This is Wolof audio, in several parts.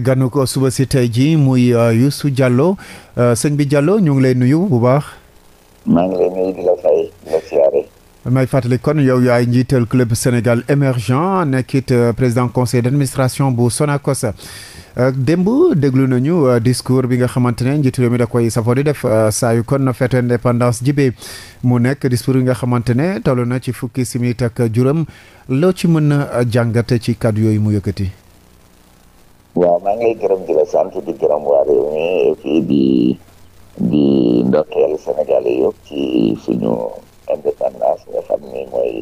ganu ko suba si tey jii muy euh, Youssou Diallo euh, sëñ bi Diallo ñu ngi lay nuyu bu baax. maa ngi lay nuyu di la fay di la siyaare. may fàttali kon yow yaay njiital club Sénégal émergent nekkit euh, président conseil d' administration bu Sonacos démb déglu nañu discours bi nga xamante ne njiitu réew mi da koy safoo di def saa yu kon fête indépendance jibee mu nekk discours yi nga xamante ne toll na ci fukki simili ak juróom loo ci mën na jàngate ci kàddu yooyu mu yëkkati. waaw maa ngi gërëm di la sant di gërëm waa réew mi et di di ndokkeel Sénégal ci suñu indépendance nga xam ni mooy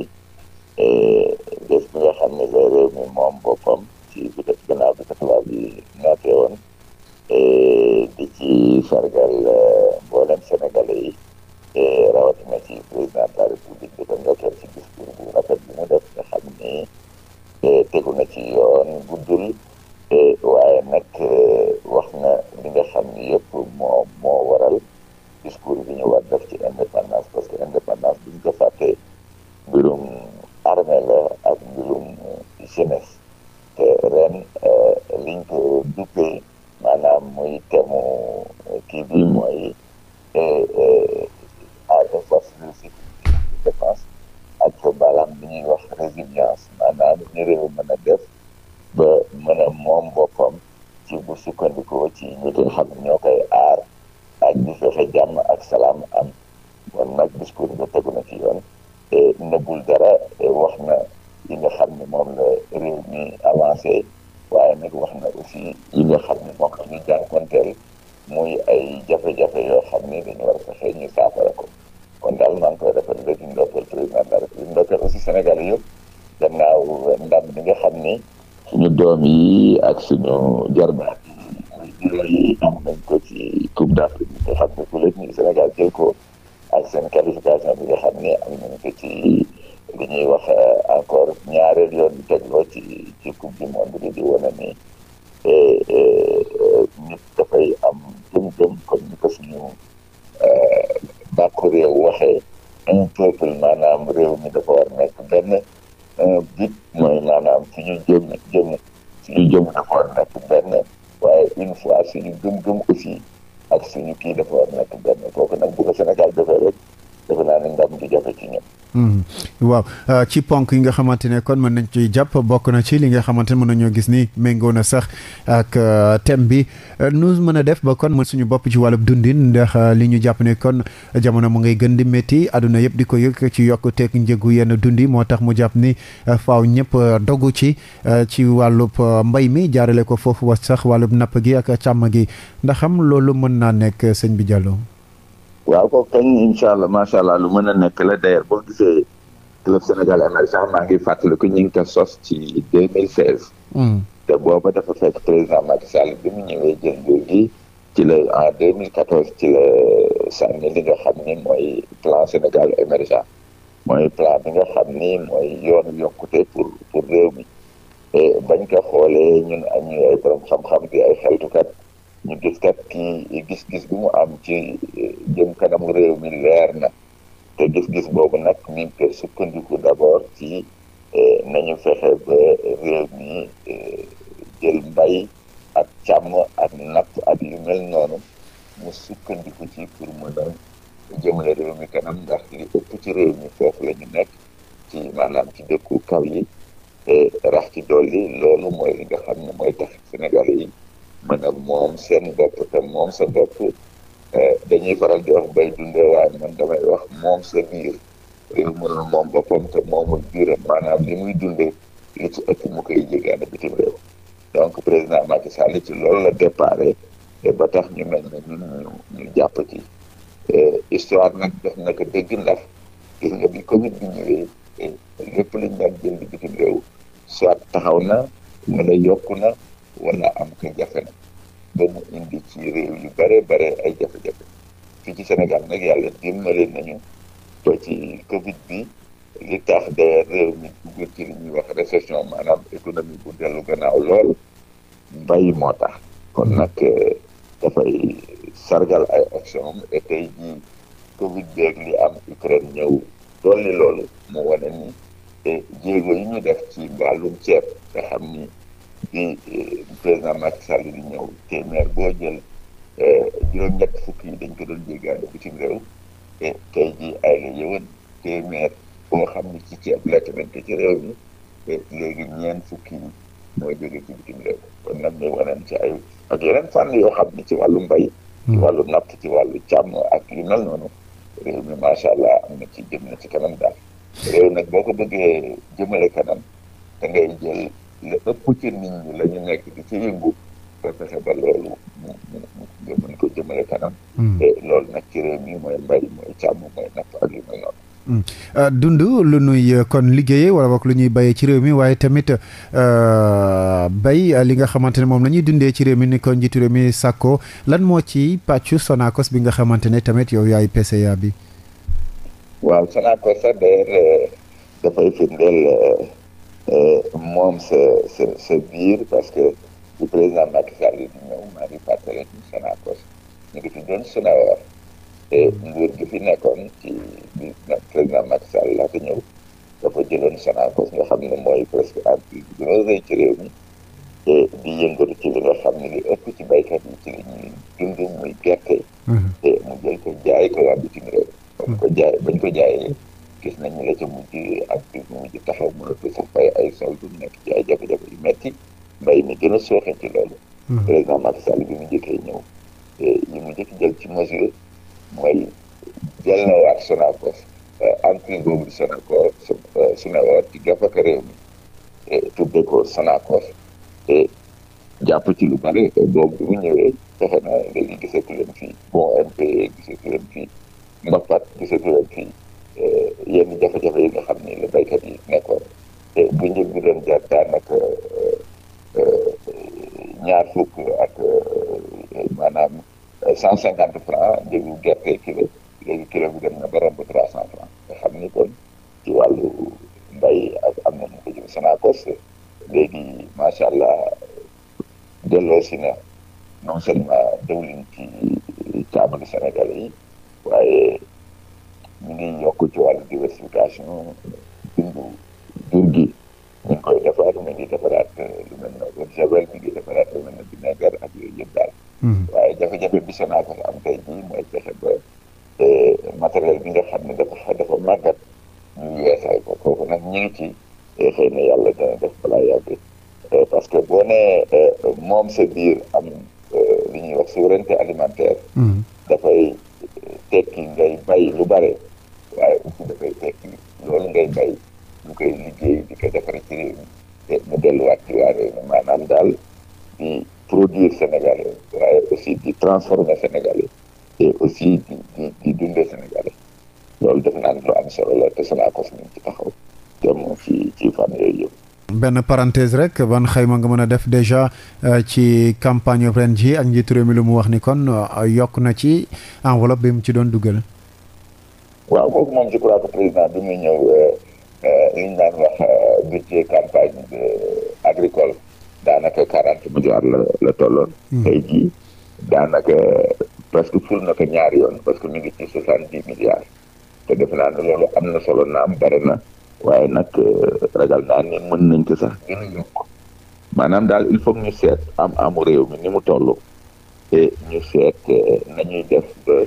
eh, bés bi nga xam ne la réew mi moom boppam ci bu def gannaaw bi ko bi nootee woon eh, di ci sargal eh, mboolem sénégalais yi rawatina ci président de république bu def nga xam ni tegu na ci yoon guddul jafe-jafe yoo xam ni dañu war a fexe ñu saafara ko kon daal maa ngi koy rafetlu di ndokkeel président de la République ndokkeel aussi Sénégal yëpp gannaaw ndam bi nga xam ni suñu doom yi ak suñu jarbaat yi am nañ ko ci coupe ku lépp ni Sénégal ko ak seen qualification bi nga xam ne am nañ ko ci li ñuy wax euh, encore ñaareel yoon bi teg loo ci ci coupe du bi di wane ni c'est du waaw euh, ci ponk yi nga xamante ne kon mën nañ ciy jàpp bokk na ci li nga xamante ne mën nañoo gis ni méngoo na sax ak euh, thème bi euh, nu mën a def ba kon mën suñu bopp ci wàllub dundin ndax li ñu jàpp ne kon jamono mu ngay gën di métti àdduna yëpp di ko yëg ci yokkuteeg njëgu yenn dundi moo tax mu jàpp ni faaw ñëpp dogu ci ci wàllu mbay mi jaarale ko foofu sax wàllub napp gi ak càmm gi ndaxam xam loolu mën naa nekk sëñ bi Diallo club sénégal émergent maa ngi fàttaliku ñu ngi ko sos ci deux mille seize hmm. te booba dafa fekk président Macky Sall bi mu ñëwee ci la en deux mille quatorze ci la sànni nga xam ni mooy plan sénégal émergent mooy plan nga xam ni mooy yoonu yokkute pour réew mi et bañ ko xoolee ñun añu ay borom xam-xam bi ay xeltukat ñu gis kat kii gis-gis bi am ci jëm réew mi leer na te gis-gis boobu nag ñu ngi koy sukkandiku d'abord ci euh, nañu fexe ba réew mi euh, jël mbay ak càmm ak napp ak yu mel noonu mu sukkandiku ci pour mën jëmale réew mi kanam ndax li ëpp ci réew mi foofu la nekk ci maanaam ci dëkku kaw yi rax ci dolli loolu mooy li nga xam ne mooy tax Sénégalais yi mën a moom seen bopp te moom sa bopp dañuy faral di wax bay dundee waaye man damay wax moom sa biir réew mënul moom boppam te moomul biiram maanaam li muy dundee li ci ëpp mu koy jéggaane bitim réew donc président Macky Sall ci loolu la déparé ba tax ñu mel ne ñun ñu ñu jàpp ci histoire nag def na ko dégg ndax gis nga bi Covid bi ñëwee lépp liñ daan jënd bitim réew soit taxaw na wala yokku na wala am ko jafe na mu indi ci réew yu bare bare ay jafe-jafe fii ci senegal nag yàlla dimbale nañu ba ci Covid bi li tax d'ailleurs réew mi dugg ci li ñuy wax récession maanaam économie bu dellu gannaaw lool mbay moo tax kon nag euh, dafay sargal ay option et tey jii Covid beeg li am Ukraine ñëw dolli loolu mu wane ni euh, jéego yi ñu def ci mbàllum ceeb nga xam ni bi président Macky Sall di ñëw téeméer boo jël euh, juróom-ñett fukk dañ ko doon jéggaane bitim réew te tey jii ay la téeméer boo xam ne ci ceeb la tamit ci réew mi léegi ñeent fukk yi moo jóge ci bitim réew kon nag ñu waneen ci ay ak yeneen fànn yoo xam ne ci wàllu mbay ci hmm. wàllu napp ci wàllu càmm ak yu mel noonu réew mi macha allah am na ci jëm na ci kanam daal réew nag boo ko bëggee jëmale kanam da jël lu ëpp ci nit ñi nekk di ci yëngu ba fexe loolu mu mën ko jëmale kanam. Hmm. loolu nag ci réew mi mooy mbay mooy càmm mooy napp ak yu mel noonu. dund lu nuy euh, kon liggéeyee wala boog lu ñuy béyee ci réew mi waaye tamit uh, bay li nga xamante ne moom lañuy dundee ci réew mi ni ko njiitu réew mi sàkko lan moo ci pàccu Sonacos bi nga xamante ne tamit yow yaay PCA bi. waaw Sonacos sax d'ailleurs dafay firndeel euh, moom sa sa sa biir parce que bu président Macky Sall di ñëw maa ngi fàttali ñu Sonacos ñu ngi fi doon Sonawar te nguur gi fi nekkoon ci bi président Macky Sall laata ñëw dafa jëloon Sonacos nga xam ne mooy presque entreprise bi gën a rëy ci réew mi di yëngatu ci li nga xam ne li ëpp ci baykat yi ci li ñuy dund muy gerte. mu jël ko jaay ko waa bitim réew. bañ ko jaay bañ gis nañu la ca mujj ak bi mujj taxaw mënatul sax fay ay soldu nekk ci metti mbay mi gën a sooxe ci loolu hmm. président Macky Sall bi mu njëkkee ñëw eh, li mu njëkk jël ci mesure mooy jël na waat Sonacos eh, entreprise boobu di Sonacos eh, Sunaor ci gafaka ko Sonacos ci lu bare boobu bi mu ñëwee fexe na léegi gisatu leen fii bon MP gisatu leen fii mbapat gisatu leen fii yenn jafe-jafe yi nga xam ni la béykat yi nekkoon bu njëg bi doon jar daanaka euh, euh, ñaar fukk ak euh, maanaam cent cinquante franc njëgu gerte kilo léegi kilo bi dem na ba trois cent franc nga xam ni kon ci wàllu mbay ak am na ñu ko jëm Sonacos léegi macha allah delloo si na non seulement dawlin ci caabalu Sénégal yi waaye ñuy yokk ci wàllu diversification bindu jur gi ñu ngi koy defar ñu ngi defaraat euh, lu mel ne eau de javel ñu ngi lu mel ne vinaigre ak yooyu yëpp daal. Hmm. waaye jafe-jafe bi Sonatel dafa am tey jii mooy fexe ba euh, matériel bi nga xam ne dafa màggat ñu yeesal ci euh, xëy na parce que boo nee moom sa biir am li ñuy wax souveraineté alimentaire. Hmm. dafay tekki ngay bay lu bare. nga koy loolu ngay bay ñu koy liggéey di ko defar ci réew mi ci waa maanaam daal di produire sénégalais waaye aussi di transformer sénégalais et aussi di dundee sénégalais loolu def naan lu am solo la te Sonacos ñu ci taxaw jëm ci ci fànn yooyu benn parenthèse rek ban ma nga mën a def déjà euh, ci campagne ren ji ak njiitu réew lu mu wax ni kon euh, yokk na ci enveloppe bi mu ci doon duggal waaw kooku moom je crois président bi muy ñëw euh, euh, li ñu wax euh, budget campagne agricole daanaka quarante milliards la la tolloon. Hmm. tey jii daanaka presque ful na ko ñaari yoon parce que mu ngi soixante dix milliards. te defe naa ne loolu am na solo naam bare na waaye nag ragal naa ne mën nañ ko sax gën maanaam daal il faut ñu seet am amu réew mi ni mu toll. te ñu seet nañuy def ba.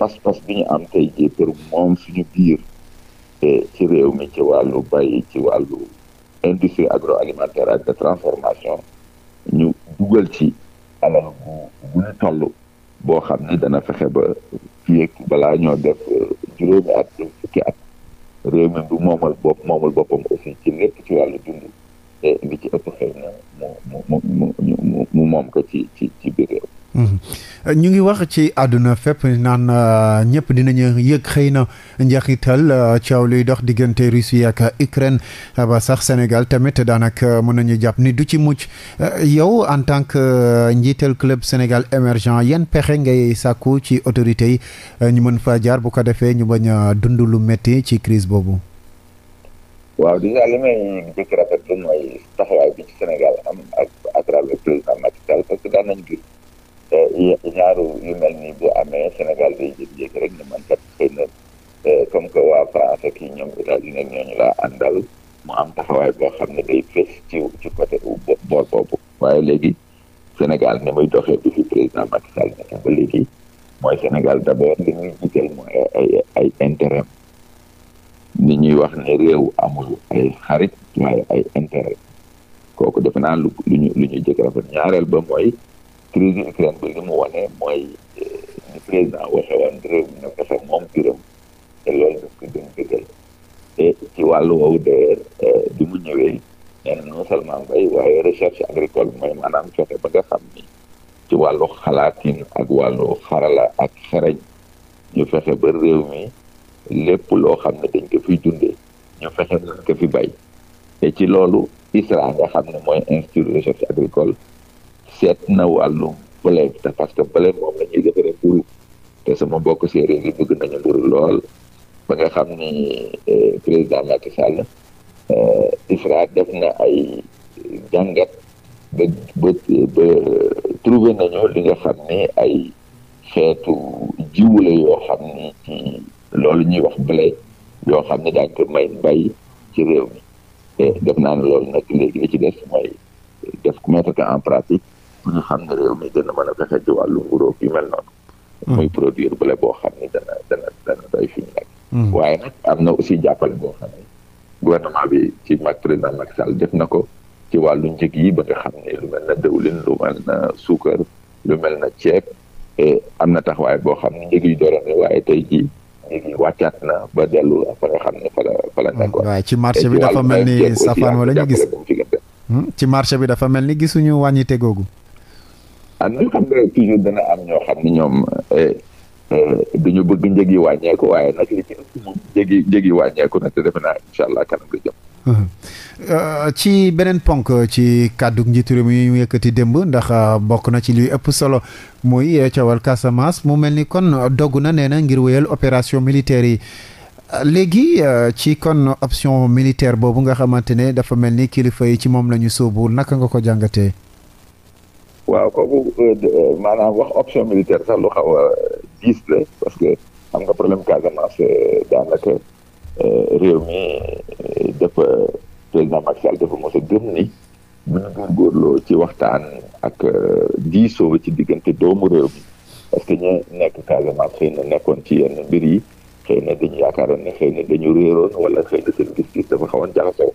pas-pas bi ñu am tey jii pour moom suñu biir eh, ci réew mi ci wàllu bay ci wàllu industrie agroalimentaire ak de transformation ñu dugal ci alal bu bu ñu toll boo xam ni dana fexe ba fii ak ñoo def eh, juróomi at fukki at réew mi bu moomal bopp moomul boppam aussi ci lépp ci wàllu dund Euh, moom ko mhm. euh, ñu ngi wax ci àdduna fépp naan euh, ñëpp dinañu yëg xëy na njeexital caaw luy dox diggante Russie ak Ukraine ba sax Sénégal tamit daanaka mën nañu jàpp ni du ci mucc yow en tant que njiital club Sénégal émergent yan pexe ngay sàkku ci autorités yi ñu mën fa jaar bu ko defee ñu bañ a dund lu métti ci crise boobu. waaw dèjà li may njëkk rafetlu mooy taxawaay bi ci Sénégal am ak à travers président Macky Sall parce que daan nañ gis ñaaru yu mel nii bu amee Sénégal day jékki-jékki rek ne man kat xëy na comme que waa France ak yi ñoom États-Unis ak ñooñu laa àndal mu am taxawaay boo xam ne day fës ci u côté boor boobu waaye léegi Sénégal ni muy doxee bi fi président Macky Sall nekk ba léegi mooy Sénégal d'abord li muy jiital mooy ay ay ni ñuy wax ne réew amul ay xarit waaye ay intérêt kooku defe naa lu ñu lu ñu ñaareel ba mooy crise Ukraine bi li mooy eh, ni président waxe woon réew mi fexe moom biram te loolu ci wàllu woowu d'ailleurs eh, bi mu ñëwee nee na non mbay waaye recherche agricole mooy maanaam fexe ba nga xam ni ci wàllu xalaatin ak wàllu xarala ak xereñ ñu fexe ba réew mi lépp loo xam ne dañ ko fiy dundee ñu fexe nañ ko fi bay te ci loolu ISRA nga xam ne mooy institut de agricole seet na wàllu blé te parce que blé moom la ñuy defaree mburu te sama mbokk séeréer yi bëgg nañu mburu lool ba nga xam ni eh, président Macky Sall eh, def na ay jàngat ba ba ba trouvé nañu li nga xam ni ay xeetu jiwu la xam ni ci loolu ñuy wax blé xam ne daañu ko may mbay ci réew mi et def naa ne loolu nag léegi ci des mooy def mettre ko en pratique pour xam ne réew mi dana mën ci wàllu nguróog yu mel noonu. Hmm. muy produire blé boo xam ne hmm. na aussi jàppale boo xam ne gouvernement bi ci mag président def na ko ci wàllu njëg yi ba nga xam ne lu mel na dëwlin lu mel na suukar lu mel na ceeb et am na taxawaay boo xam ne njëg yi dooroon waaye tey jii. léegi la fa la ci marché bi dafa mel ni safaan wala ñu gis hmm? ci marché bi dafa mel ni gisuñu wàññite googu. am ah, na xam nga toujours dana am ñoo xam ni ñoom eh, eh, du ñu bëgg njëg yi wàññeeku waaye nag li ci ëpp moom njëg yi njëg wàññeeku na te defe naa incha allah kanam nga jëm. Euh, ci beneen ponk ci kàddu njiitu réew mi yëkkati démb ndax euh, bokk na ci luy ëpp solo muy euh, coowal Casamance mu mel ni kon dogg na nee na ngir wéyal opération militaire yi léegi ci kon option militaire boobu nga xamante ne dafa mel ni kilifa yi ci moom lañu ñu sóobu naka nga ko jàngatee. waaw kooku maanaam wax option militaire sax lu xaw diis la parce que am nga problème Casamance daanaka. réew mi euh, dafa président Macky Sall dafa mos gëm ni bu ñu góorgóorloo ci waxtaan ak euh, diisoo ci diggante doomu réew mi parce que ñu nekk Casamance xëy na nekkoon ci yenn mbir yi xëy na dañu yaakaaroon ne xëy na dañu réeroon wala xëy na seen gis-gis dafa xawoon jaxasoo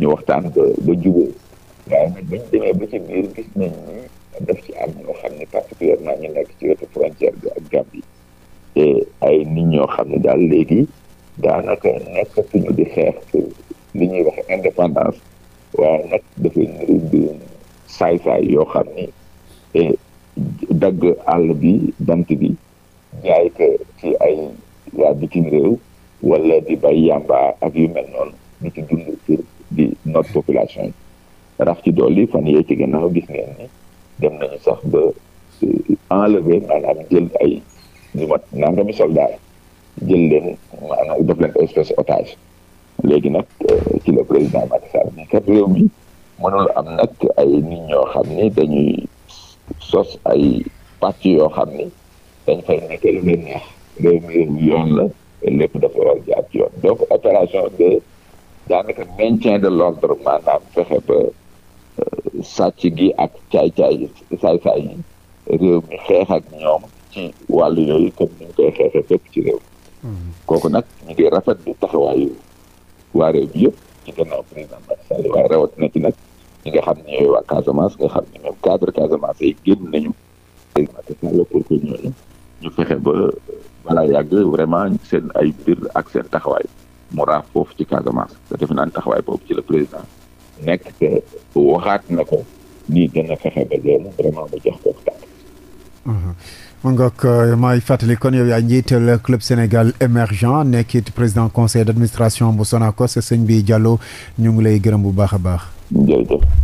ñu waxtaan ba ba jubóo waaye nag bañ demee ba ci biir gis nañ ni def ci am ñoo xam ne particulièrement ñu nekk ci wetu frontière bi ak Gambie te ay nit ñoo xam ne daal léegi daanaka nekkatuñu di xeex li ñuy wax indépendance waaye nag dafay niru mbirum saay-saay yoo xam ni dagg àll bi bant bi jaay ko ci ay waa bitim réew wala di bay yàmba ak yu mel noonu di ci dund pour di notre population yi rax ci dolli fan yee ci gannaaw gis ngeen ni dem nañu sax ba enlever maanaam jël ay nangami soldat jël leen maanaam def leen espèce otage léegi nag euh, ci le président Macky Sall ni kat réew mi mënul am nag ay nit ñoo xam ni dañuy sos ay parti yoo xam ni dañ fay nekk lu leen neex réew mi réew yoon la lépp dafa war a yoon donc opération de daanaka maintien de l'ordre maanaam fexe ba euh, sàcc gi ak caay-caay saay-saay yi réew mi xeex ak ñoom ci wàllu yooyu comme ni ñu koy xeexee fépp ci réew kooku nag ñu ngi rafet bu taxawaayu waa réew bi yëpp ci gannaaw président Macky Sall waaye rawatina ci nag ñi xam ne ñooy waa Casamance nga xam ne même cadre Casamance yi génn nañu ñu fexe ba balaa yàgg vraiment seen ay mbir ak seen taxawaay mu raaf foofu ci Casamance te defe naa taxawaay boobu ci la président nekk te waxaat na ko nii dana fexe ba loolu vraiment mu jox kooku mu ngoog euh, maay fàttali kon yow yaa njiital club Sénégal émergent nekkit président conseil d' administration bu Sonacos sëñ bi Diallo ñu ngi lay gërëm bu baax a baax.